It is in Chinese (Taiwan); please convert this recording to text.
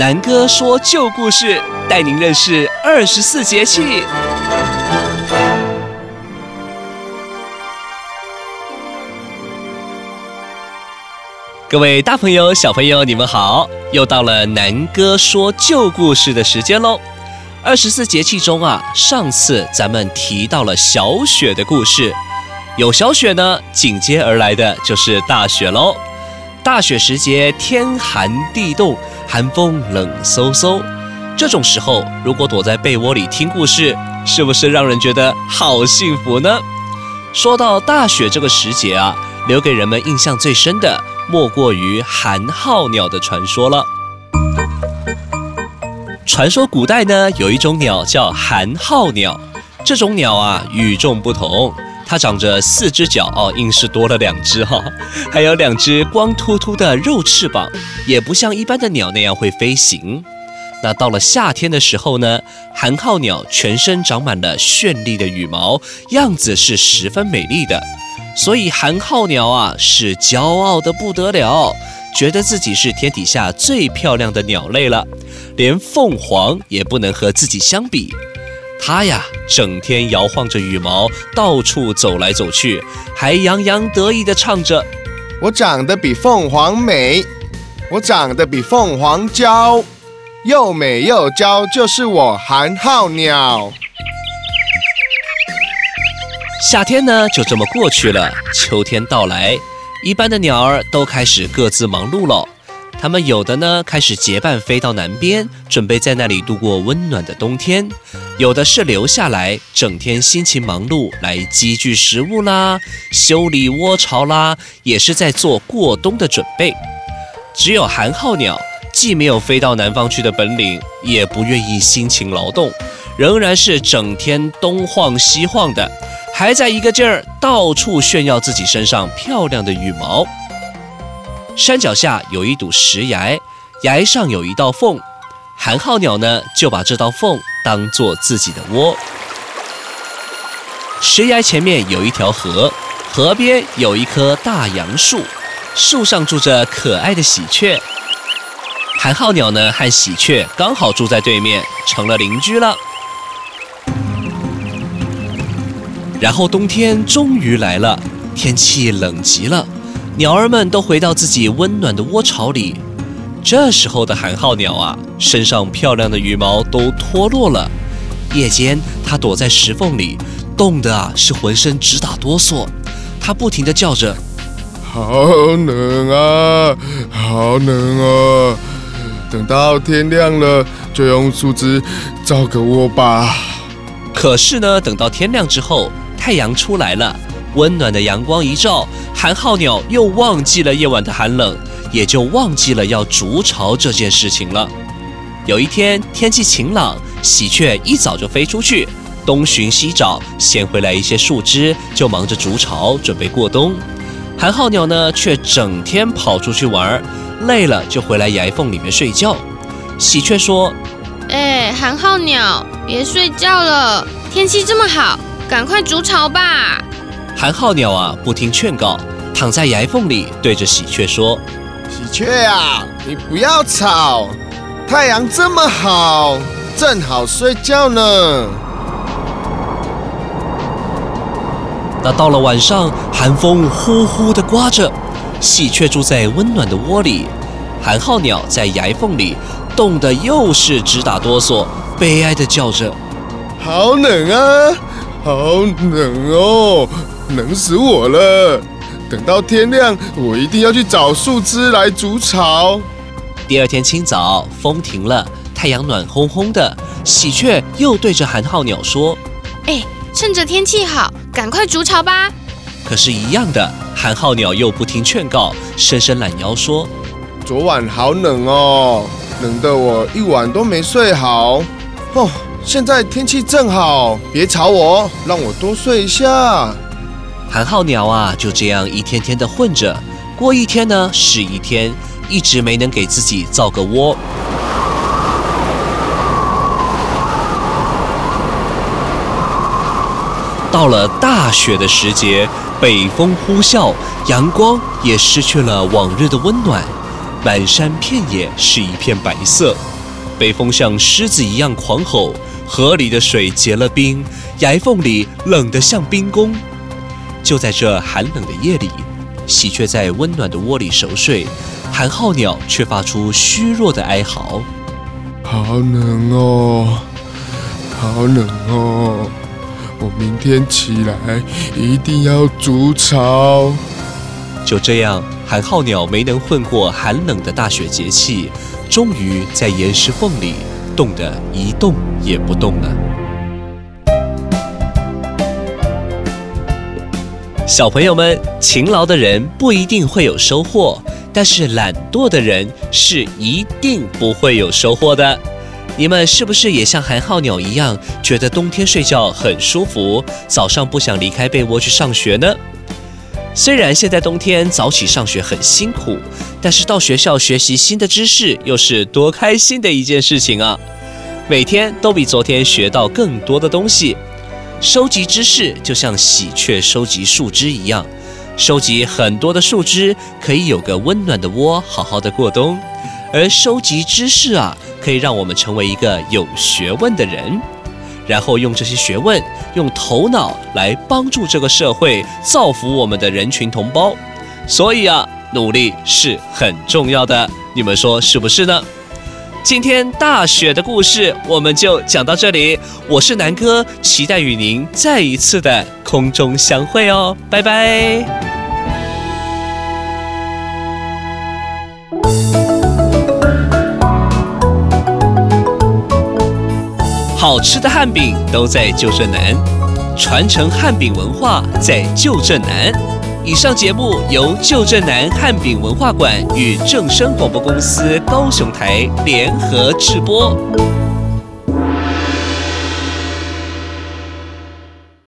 南哥說舊故事，帶您認識二十四節氣。各位大朋友、小朋友，你們好！又到了南哥說舊故事的時間嘍。二十四節氣中啊，上次咱們提到了小雪的故事，有小雪呢，緊接而來的就是大雪嘍。大雪時節，天寒地凍，寒風冷颼颼。這種時候，如果躲在被窩裡聽故事，是不是讓人覺得好幸福呢？說到大雪這個時節啊，留給人們印象最深的，莫過於寒號鳥的傳說了。傳說古代呢，有一種鳥叫寒號鳥，這種鳥啊，與眾不同。它長着四只腳哦，硬是多了兩隻哈、哦，還有兩隻光禿禿的肉翅膀，也不像一般的鳥那樣會飛行。那到了夏天的時候呢，寒號鳥全身長滿了絢麗的羽毛，樣子是十分美麗的。所以寒號鳥啊，是驕傲的不得了，覺得自己是天底下最漂亮的鳥類了，連鳳凰也不能和自己相比。它呀，整天搖晃着羽毛，到處走來走去，還洋洋得意地唱着：“我長得比鳳凰美，我長得比鳳凰嬌，又美又嬌，就是我寒號鳥。”夏天呢，就這麼過去了。秋天到來，一般的鳥兒都開始各自忙碌了。它們有的呢，開始結伴飛到南邊，準備在那裡度過溫暖的冬天；有的是留下來，整天辛勤忙碌來積聚食物啦、修理窩巢啦，也是在做過冬的準備。只有寒號鳥，既沒有飛到南方去的本領，也不願意辛勤勞動，仍然是整天東晃西晃的，還在一個勁兒到處炫耀自己身上漂亮的羽毛。山腳下有一堵石崖，崖上有一道縫，寒號鳥呢，就把這道縫當做自己的窩。石崖前面有一條河，河邊有一棵大楊樹，樹上住着可愛的喜鵲。寒號鳥呢和喜鵲剛好住在對面，成了鄰居了。然後冬天終於來了，天氣冷極了。鳥兒們都回到自己溫暖的窩巢裡。這時候的寒號鳥啊，身上漂亮的羽毛都脫落了。夜間，它躲在石縫裡，凍得啊是渾身直打哆嗦。它不停地叫着：“好冷啊，好冷啊！”等到天亮了，就用樹枝造個窩吧。可是呢，等到天亮之後，太陽出來了。溫暖的陽光一照，寒號鳥又忘記了夜晚的寒冷，也就忘記了要築巢這件事情了。有一天天氣晴朗，喜鵲一早就飛出去，東尋西找，銜回來一些樹枝，就忙着築巢，準備過冬。寒號鳥呢，卻整天跑出去玩，累了就回來崖縫裡面睡覺。喜鵲說：“哎，寒號鳥，別睡覺了，天氣這麼好，趕快築巢吧。”寒號鳥啊，不聽勸告，躺在崖縫裡，對着喜鵲說：“喜鵲呀、啊，你不要吵，太陽這麼好，正好睡覺呢。”那到了晚上，寒風呼呼地颳着，喜鵲住在溫暖的窩裡，寒號鳥在崖縫裡，凍得又是直打哆嗦，悲哀地叫着：“好冷啊，好冷哦。”冷死我了！等到天亮，我一定要去找樹枝來築巢。第二天清早，風停了，太陽暖烘烘的，喜鵲又對着寒號鳥說：“哎，趁着天氣好，趕快築巢吧。”可是，一樣的，寒號鳥又不聽勸告，伸伸懶腰說：“昨晚好冷哦，冷得我一晚都沒睡好。哦，現在天氣正好，別吵我，讓我多睡一下。”寒號鳥啊，就這樣一天天的混着過一天呢是一天，一直沒能給自己造個窩。到了大雪的時節，北風呼嘯，陽光也失去了往日的溫暖，滿山遍野是一片白色。北風像獅子一樣狂吼，河裡的水結了冰，崖縫裡冷得像冰宮。就在這寒冷的夜裡，喜鵲在溫暖的窩裡熟睡，寒號鳥卻發出虛弱的哀嚎：“好冷哦，好冷哦！我明天起來一定要築巢。”就這樣，寒號鳥沒能混過寒冷的大雪節氣，終於在岩石縫裡凍得一動也不動了。小朋友們，勤勞的人不一定會有收穫，但是懶惰的人是一定不會有收穫的。你們是不是也像寒號鳥一樣，覺得冬天睡覺很舒服，早上不想離開被窩去上學呢？雖然現在冬天早起上學很辛苦，但是到學校學習新的知識又是多開心的一件事情啊！每天都比昨天學到更多的東西。收集知識就像喜鵲收集樹枝一樣，收集很多的樹枝可以有個溫暖的窩，好好的過冬。而收集知識啊，可以讓我們成為一個有學問的人，然後用這些學問，用頭腦來幫助這個社會，造福我們的人群同胞。所以啊，努力是很重要的，你們說是不是呢？今天大雪的故事我們就講到這裡，我是南哥，期待與您再一次的空中相會哦，拜拜。好吃的漢餅都在舊鎮南，傳承漢餅文化在舊鎮南。以上節目由舊振南漢餅文化館與正聲廣播公司高雄台聯合制播。